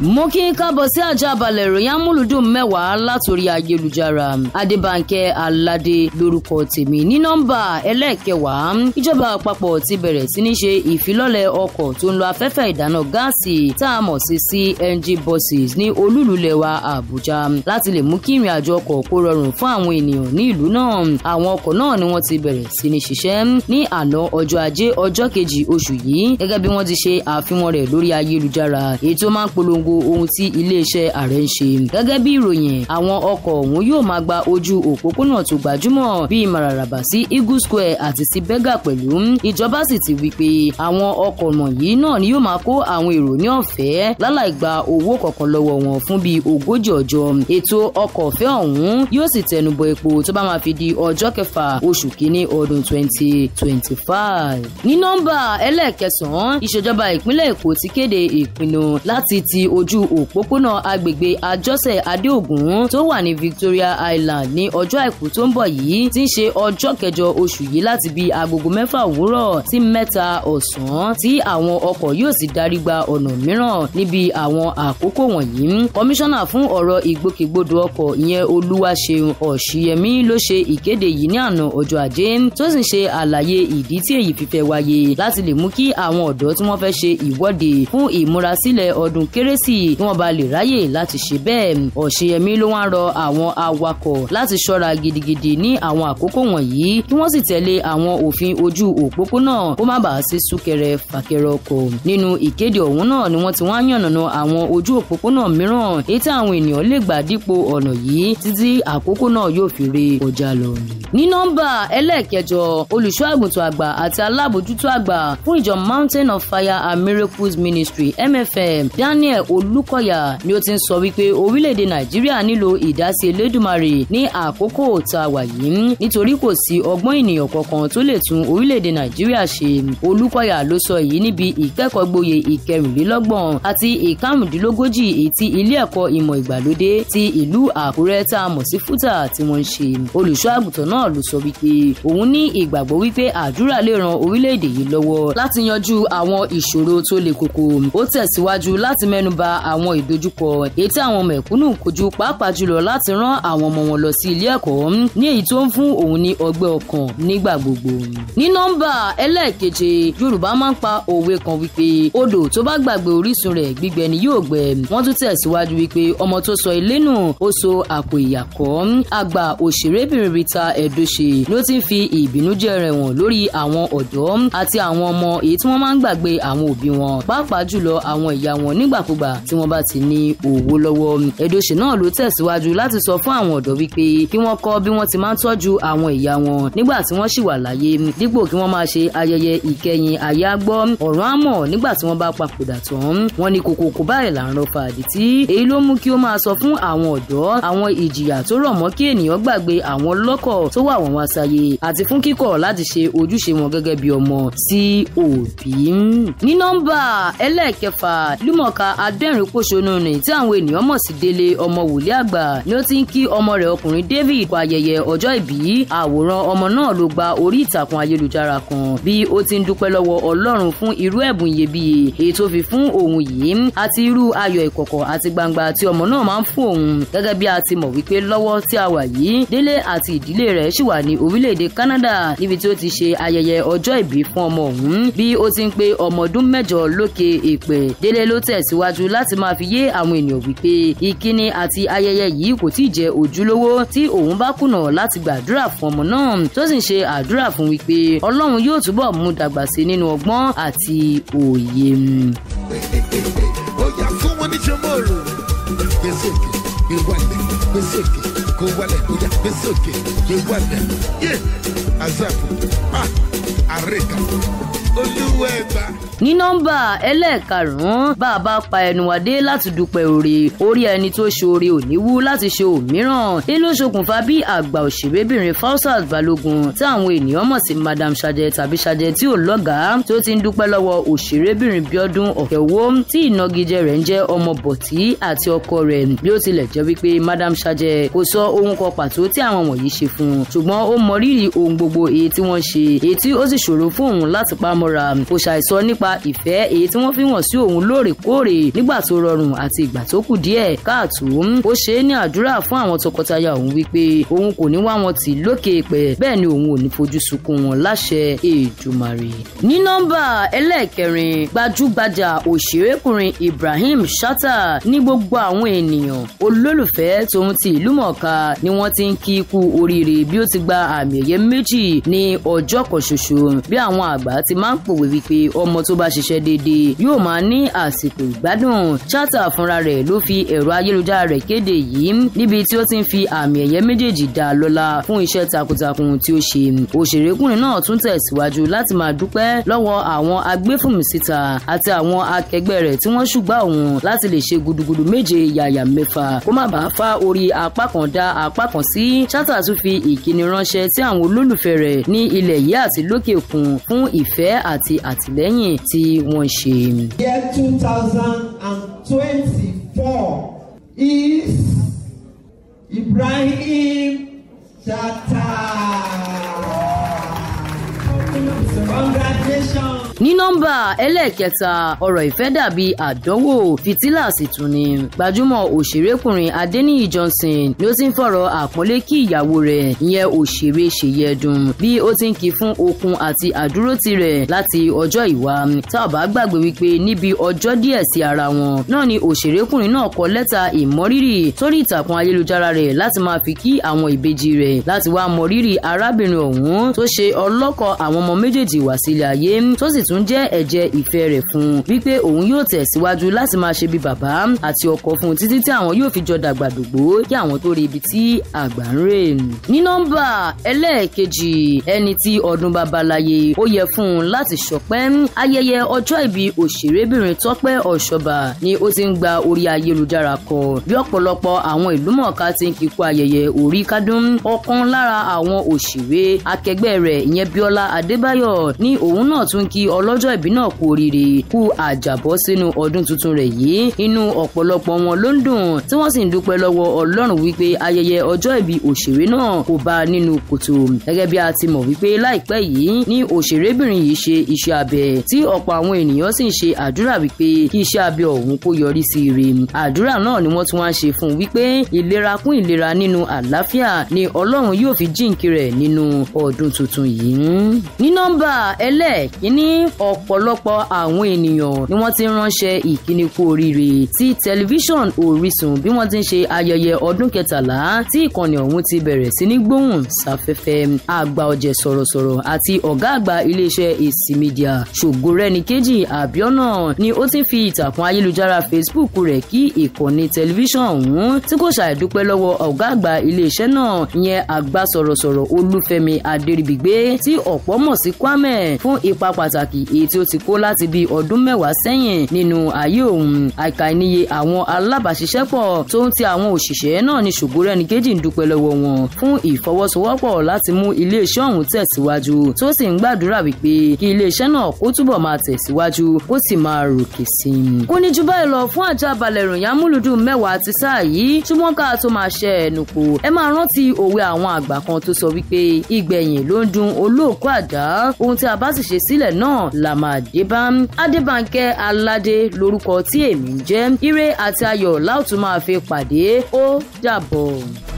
mo kí n kábọ̀ sí àjàbalẹ̀ ìròyìn amúlùdùn mẹ́wàá látòrí ayélujára adébánkẹ́ aládé lórúkọ tèmi ní nọ́mbà ẹlẹ́ẹ̀kẹwàá ìjọba àpapọ̀ ti bẹ̀rẹ̀ sí ní ṣe ìfilọ́lẹ̀ ọkọ̀ tó ń lo afẹ́fẹ́ ìdáná gáàsì tá a mọ̀ sí CNG buses ní olúlulẹ̀ wa àbújá láti lè mú kí ìrìn àjò ọkọ̀ kó rọrùn fún àwọn ènìyàn ní ìlú náà àwọn ọkọ̀ náà ni wọ́n ti bẹ̀rẹ̀ sí ní ṣiṣẹ́ ní àná ọjọ́ ajé ọjọ́ kejì oṣù yìí gẹ́gẹ́ bí wọ́n ti ṣe àfihàn rẹ̀ lórí ayélujára èyí tó máa ń polongo gbogbo ohun tí iléeṣẹ́ ààrẹ ń ṣe. gẹ́gẹ́ bí ìròyìn àwọn ọkọ̀ ọ̀hún yóò máa gba ojú òpópónà tó gbajúmọ̀ bíi mararaba sí eagle square àti sí berger pẹ̀lú ìjọba sì ti wí pé àwọn ọkọ̀ wọ̀nyí náà ni yóò máa kó àwọn èrò ní ọ̀fẹ́ láláì gba owó kọ̀ọ̀kan lọ́wọ́ wọn fún bíi ogójì ọjọ́ ètò ọkọ̀ ọ̀fẹ́ ọ̀hún yóò sì tẹnubọ epo tó bá máa fi di ọjọ́ kẹfà oṣù kínní ọdún 2025. ní nọ́mbà ẹlẹ́ẹ̀kẹsàn-án ìṣèjọba ìpínlẹ̀ èkó ti kéde ìpinnu láti ti o ojú òpópónà agbègbè àjọsẹ̀ adéògùn tó wà ní Victoria Island ní ọjọ́ àìkú tó ń bọ̀ yìí ti ń ṣe ọjọ́ kẹjọ oṣù yìí láti bí agogo mẹ́fà òwúrọ̀ sí mẹ́ta ọ̀sán tí àwọn ọkọ̀ yóò sì darí gba ọ̀nà mìíràn níbi àwọn àkókò wọ̀nyí kọmíṣánná fún ọ̀rọ̀ ìgbòkègbodò ọkọ̀ ìyẹn Olúwaṣeun Ọ̀ṣìyẹmí ló ṣe ìkéde yìí ní àná ọjọ́ ajé tó sì ń ṣe àlàyé ìdí tí èyí fi fẹ́ wáyé láti lè mú kí àwọn ọ̀dọ́ tí wọ́n fẹ́ ṣe ìwọ́de fún ìmúrasílẹ̀ ọdún kérésì sí i kí wọ́n ba lè ráyè láti ṣe bẹ́ẹ̀ ọ̀ṣẹ́yẹmí ló wá ń rọ àwọn awakọ̀ láti ṣọ́ra gidigidi ní àwọn àkókò wọ̀nyí kí wọ́n sì tẹ̀lé àwọn òfin ojú òpópónà kó má bàa sí súnkẹrẹ fàkẹrẹ ọkọ̀ nínú ìkéde ọ̀hún náà ni wọ́n ti wá yànnàná àwọn ojú òpópónà mìíràn èyí tí àwọn ènìyàn lè gbà dípò ọ̀nà yìí títí àkókò náà yóò fi re ọjà lọ. ní nọ́mbà ẹlẹ́ẹ̀kẹjọ olùṣọ́ àgùntàn àgbà àti alábòjútó àgbà fún ìjọ Mountain of Fire and Miracles Ministry MFM Daniel o olúkọ̀yà ni ó ti ń sọ wípé orílẹ̀-èdè nàìjíríà nílò ìdásí elédùmarè ní àkókò tá a wà yìí nítorí kò sí ọgbọ́n ènìyàn kankan tó lè tún orílẹ̀-èdè nàìjíríà ṣe olúkọ̀yà ló sọ èyí níbi ìkẹ́kọ̀ọ́gboyè ìkẹrìnlélọ́gbọ̀n àti ìkárùndínlógójì èyí tí ilé ẹ̀kọ́ ìmọ̀ ìgbàlódé ti ìlú àkúrẹ́ tá a mọ̀ sí fúta tí wọ́n ń ṣe olùṣọ́ àgùntàn náà ló sọ wípé òun ní ìgbàgbọ́ wípé àdúrà àwọn ìdojúkọ èyí tí àwọn mẹ̀kúnnù kojú pàápàá jùlọ láti rán àwọn ọmọ wọn lọ sí ilé ẹ̀kọ́ ní èyí tó ń fún òun ní ọgbẹ́ ọkàn nígbà gbogbo. ní nọ́mbà ẹlẹ́ẹ̀keje Yorùbá máa ń pa òwe kan wípé odò tó bá gbàgbé orísun rẹ̀ gbígbẹ ni yóò gbẹ wọ́n tún tẹ̀síwájú wípé ọmọ tó sọ ilé nù ó so àpò ìyàkọ́ àgbà òṣèrébìnrin Rita Edochie ló ti ń fi ìbínújẹ́ rẹ̀ wọ̀n lórí àwọn ọ̀dọ́ àti àwọn ọmọ èyí tí wọ́n máa ń gbàgbé àwọn òbí wọn pàápàá jùlọ àwọn ìyá wọn nígbàkúgbà tí wọ́n bá ti ní owó lọ́wọ́ Edoṣe náà ló tẹ̀síwájú láti sọ fún àwọn ọ̀dọ́ wípé kí wọ́n kọ́ bí wọ́n ti máa ń tọ́jú àwọn ìyá wọn nígbà tí wọ́n ṣì wà láyé dípò kí wọ́n máa ṣe ayẹyẹ ìkẹyìn àyágbọ́ ọ̀rọ̀ àmọ́ nígbà tí wọ́n bá papòdà tán wọ́n ní kòkò kò báyìí là ń rọ fàdìtì èyí ló mú kí ó máa sọ fún àwọn ọ̀dọ́ àwọn ìjìyà tó rọ̀ mọ́ kí ènìyàn gbàgbé àwọn lọ́kọ̀ tó wà wọ́n wá sáyé àti fún kíkọ̀ láti ṣe ojúṣe wọn gẹ́gẹ́ bí ọmọ sí òbí. ní nọ́mbà ẹlẹ́ẹ̀kẹfà Lúmọ̀ọ́ká ad adẹ́rìn-pòṣónú nì tí àwọn ènìyàn mọ̀ sí Délé ọmọ wòlíì àgbà ni ó ti ń kí ọmọ rẹ̀ ọkùnrin David kú ayẹyẹ ọjọ́ ìbí àwòrán ọmọ náà ló gba orí ìtàkùn ayélujára kan bí ó ti ń dúpẹ́ lọ́wọ́ Ọlọ́run fún irú ẹ̀bùn iyebíye èyí tó fi fún òun yìí àti irú ayọ̀ ìkọ̀kọ̀ àti gbangba tí ọmọ náà máa ń fún òun gẹ́gẹ́ bí a ti mọ̀ wípé lọ́wọ́ tí a wà yìí Délé àti ìdílé rẹ̀ ṣì wà ní orílẹ̀-èdè Canada níbi tí ó ti ṣe ayẹyẹ ọjọ́ ìbí fún ọmọ òun bí ó ti ń pé ọmọ ọdún mẹ́jọ lókè èpè Délé ló tẹ̀síwájú láti máa fi yé àwọn ènìyàn wípé ìkíni àti ayẹyẹ yìí kò tí ì jẹ́ ojúlówó tí òun bá kùnà láti gbàdúrà fún ọmọ náà tó sì ń ṣe àdúrà fún wípé Ọlọ́run yóò túbọ̀ mú dàgbà sí nínú ọgbọ́n àti òye. Ọya fún wọn ní ṣe mọ́ọ̀rù gbèsè gbé wálẹ̀ gbèsè gbé kó wálẹ̀ ọya gbèsè gbé gbé yé azabu a àrègà olúwẹ̀gbà ní nọ́mbà ẹlẹ́ẹ̀karùn-ún bá a bá pa ẹnu wa dé láti dúpẹ́ oore orí ẹni tó ṣe oore òní láti ṣe òmíràn èyí ṣokùnfà bí àgbà òṣèrébìnrin Fausat Balógun tí àwọn ènìyàn mọ̀ sí Madam Ṣadé tàbí Ṣadé tí ò lọ́gàá tí ó ti ń dúpẹ́ lọ́wọ́ òṣèrébìnrin Bíọ́dún Ọ̀kẹ́wò tí ìnagijẹ rẹ̀ ń jẹ́ ọmọ bọ̀tí àti ọkọ rẹ̀ bí ó tilẹ̀ jẹ́ wípé Madam Ṣadé kò sọ ohun kan pàtó tí àwọn wọ̀nyí ṣe fún un ṣùgbọ́n ó mọrírì ohun gbogbo èyí tí wọ́n ṣe èyí tí ó sì ṣòro fún òun láti pamọ́ra kò ṣàìsọ nípa ìfẹ́ èyí tí wọ́n fi wọ̀n sí òun lóòrèkóòrè nígbà tó rọrùn àti ìgbà tó kù díẹ̀ káàtó ó ṣe é ní àdúrà fún àwọn tọkọtaya òun wípé òun kò ní wá wọn tì lókè pẹ̀ bẹ́ẹ̀ ni òun ò ní fojú sunkún wọn láṣẹ Èdùmàrè. ní nọ́mbà ẹlẹ́ẹ̀kẹrin gbajúgbajà òṣèrékùnrin Ibrahim Shatta ní gbogbo àwọn ènìyàn olólùfẹ́ tòun ti ìlú mọ̀ọ́ká ni wọ́n ti ń kí ikú oríire bí ó ti gba àmì ẹ̀yẹ méjì ní ọjọ́ kan ṣoṣo bí àwọn àgbà ti máa ń pòwe wípé ọmọ tó bá ṣiṣẹ́ déédéé yóò máa ní àsìkò ìgbádùn Chatta fúnra rẹ̀ ló fi ẹ̀rọ ayélujára rẹ̀ kéde yìí níbi tí ó ti ń fi àmì ẹ̀yẹ méjèèjì dá a lọ́lá fún iṣẹ́ takuntakun tí ó ṣe òṣèrékùnrin náà tún tẹ̀síwájú láti máa dúpẹ́ lọ́wọ́ àwọn agbéfùmùsíta àti àwọn akẹgbẹ́ rẹ̀ tí wọ́n ṣùgbà òun láti lè ṣe gudugudu méje yàyà mẹ́fà kó má bàa fa orí apá kan dá apá kan sí Chatta tún fi ìkíni ránṣẹ́ sí àwọn olólùfẹ́ rẹ̀ ní ilẹ̀ yìí àti lókè òkun fún ìfẹ́ àti àtìlẹ́yìn tí wọ́n ṣe. year two thousand and twenty-four is Ibrahim Chatta ní nọ́mbà ẹlẹ́ẹ̀kẹta ọ̀rọ̀ ìfẹ́ dàbí àdánwò fìtílà sì tún ni gbajúmọ̀ òṣèrékùnrin Adéníyì Johnson ni ó ti ń fọ̀rọ̀ àpọ́nlé kí ìyàwó rẹ̀ ìyẹn òṣèré Ṣèyí Ẹdùn bí ó ti ń kí fún okun àti àdúrótì rẹ̀ láti ọjọ́ ìwá tá a bá gbàgbé wípé níbi ọjọ́ díẹ̀ sí ara wọn náà ni òṣèrékùnrin náà kọ lẹ́tà ìmọrírì sórí ìtàkùn ayélujára rẹ̀ láti máa fi kí àwọn ìbejì rẹ̀ láti wá mọrírì arábìnrin ọ̀hún tó ṣe ọlọ́kọ̀ àwọn ọmọ méjèèjì wá sílé ayé láyé tó sì tún jẹ́ ẹ̀jẹ̀ ìfẹ́ rẹ̀ fún un wípé òun yóò tẹ̀síwájú láti máa ṣe bí bàbá àti ọkọ fún un títí tí àwọn yóò fi jọ dàgbà dògbò kí àwọn tó rí ibi tí àgbà ń rè. ní nọ́mbà ẹlẹ́ẹ̀kejì ẹni tí ọdún bàbá ó yẹ fún un láti ṣọpẹ́ ayẹyẹ ọjọ́ ìbí òṣèrébìnrin tọ́pẹ́ ọ̀ṣọ́bà ni ó ti ń gba orí ayélujára kọ bí ọ̀pọ̀lọpọ̀ àwọn ìlúmọ̀ọ́ká ti ń kíkọ ayẹyẹ orí kádùn ọ̀kan lára àwọn òṣèré akẹgbẹ́ rẹ̀ ìyẹn Bíọ́lá Adébáyọ̀ ní òun náà náà tún kí ọlọ́jọ́ ìbí náà kú oríire kú àjàbọ́ sínú ọdún tuntun rẹ̀ yìí inú ọ̀pọ̀lọpọ̀ wọn ló ń dùn tí wọ́n sì ń dúpẹ́ lọ́wọ́ ọlọ́run wípé ayẹyẹ ọjọ́ ìbí òṣèré náà kò bá nínú kòtò gẹ́gẹ́ bí a ti mọ̀ wípé láìpẹ́ yìí ni òṣèrébìnrin yìí ṣe iṣẹ́ abẹ tí ọ̀pọ̀ àwọn ènìyàn sì ń ṣe àdúrà wípé kí iṣẹ́ abẹ ọ̀hún kó yọrí sí ire àdúrà náà ni wọ́n tún wá ṣe fún wípé ìlera kún ìlera nínú àlàáfíà ni ọlọ́run yóò fi jíǹkí rẹ̀ nínú ọdún tuntun yìí ní nọ́mbà ẹlẹ́ẹ̀ ìkíní ọ̀pọ̀lọpọ̀ àwọn ènìyàn ni wọ́n ti ránṣẹ́ ìkíní kú oríire tí tẹlifíṣàn Orísun bí wọ́n ti ń ṣe ayẹyẹ ọdún kẹtàlá tí ìkànnì ọ̀hún ti bẹ̀rẹ̀ sí ní gbóhùn sáfẹ́fẹ́ àgbà ọ̀jẹ̀ sọ̀rọ̀sọ̀rọ̀ àti ọ̀gá àgbà iléeṣẹ́ èsì mídíà Ṣògorẹ́nìkejì Àbíọ́nà ni ó ti fi ìtàkùn ayélujára Facebook rẹ̀ kí ìkànnì tẹlifíṣàn ọ̀hún tí kò ṣàìdúpẹ́ lọ́wọ́ ọ̀gá àgbà iléeṣẹ́ náà ìyẹn àgbà sọ̀rọ̀sọ̀rọ̀ Olúfẹ́mi Adéríbigbé tí ọ̀pọ̀ mọ̀ sí Kwame fún ip ipa pàtàkì èyí tí ó ti kó láti bí ọdún mẹ́wàá sẹ́yìn nínú ayé òun àìkà ìníye àwọn alábàáṣiṣẹ́pọ̀ tó ń ti àwọn òṣìṣẹ́ náà ní Ṣògorẹ́nìkejì ń dúpẹ́ lọ́wọ́ wọn fún ìfọwọ́sowọ́pọ̀ láti mú iléeṣẹ́ ọ̀hún tẹ̀síwájú tó sì ń gbàdúrà wípé kí iléeṣẹ́ náà kó túbọ̀ máa tẹ̀síwájú kó sì máa ròkè sí i. kò ní jù báyìí lọ fún àjàbalẹ̀ ìròyìn amúlùdùn mẹ́wàá ti sáà yìí ṣùgbọ́n ká tó máa ṣe ẹnu kù ẹ máa rántí òwe àwọn àgbà kan tó sọ wípé ìgbẹ̀yìn ló ń dun olóòkú àdá ohun tí a bá sì ṣe sílẹ̀ náà la máa dé bá adébànkẹ́ aládé lórúkọ tí èmi ń jẹ́ ire àti ayọ̀ láòtún máa fi pàdé ó dàbọ̀.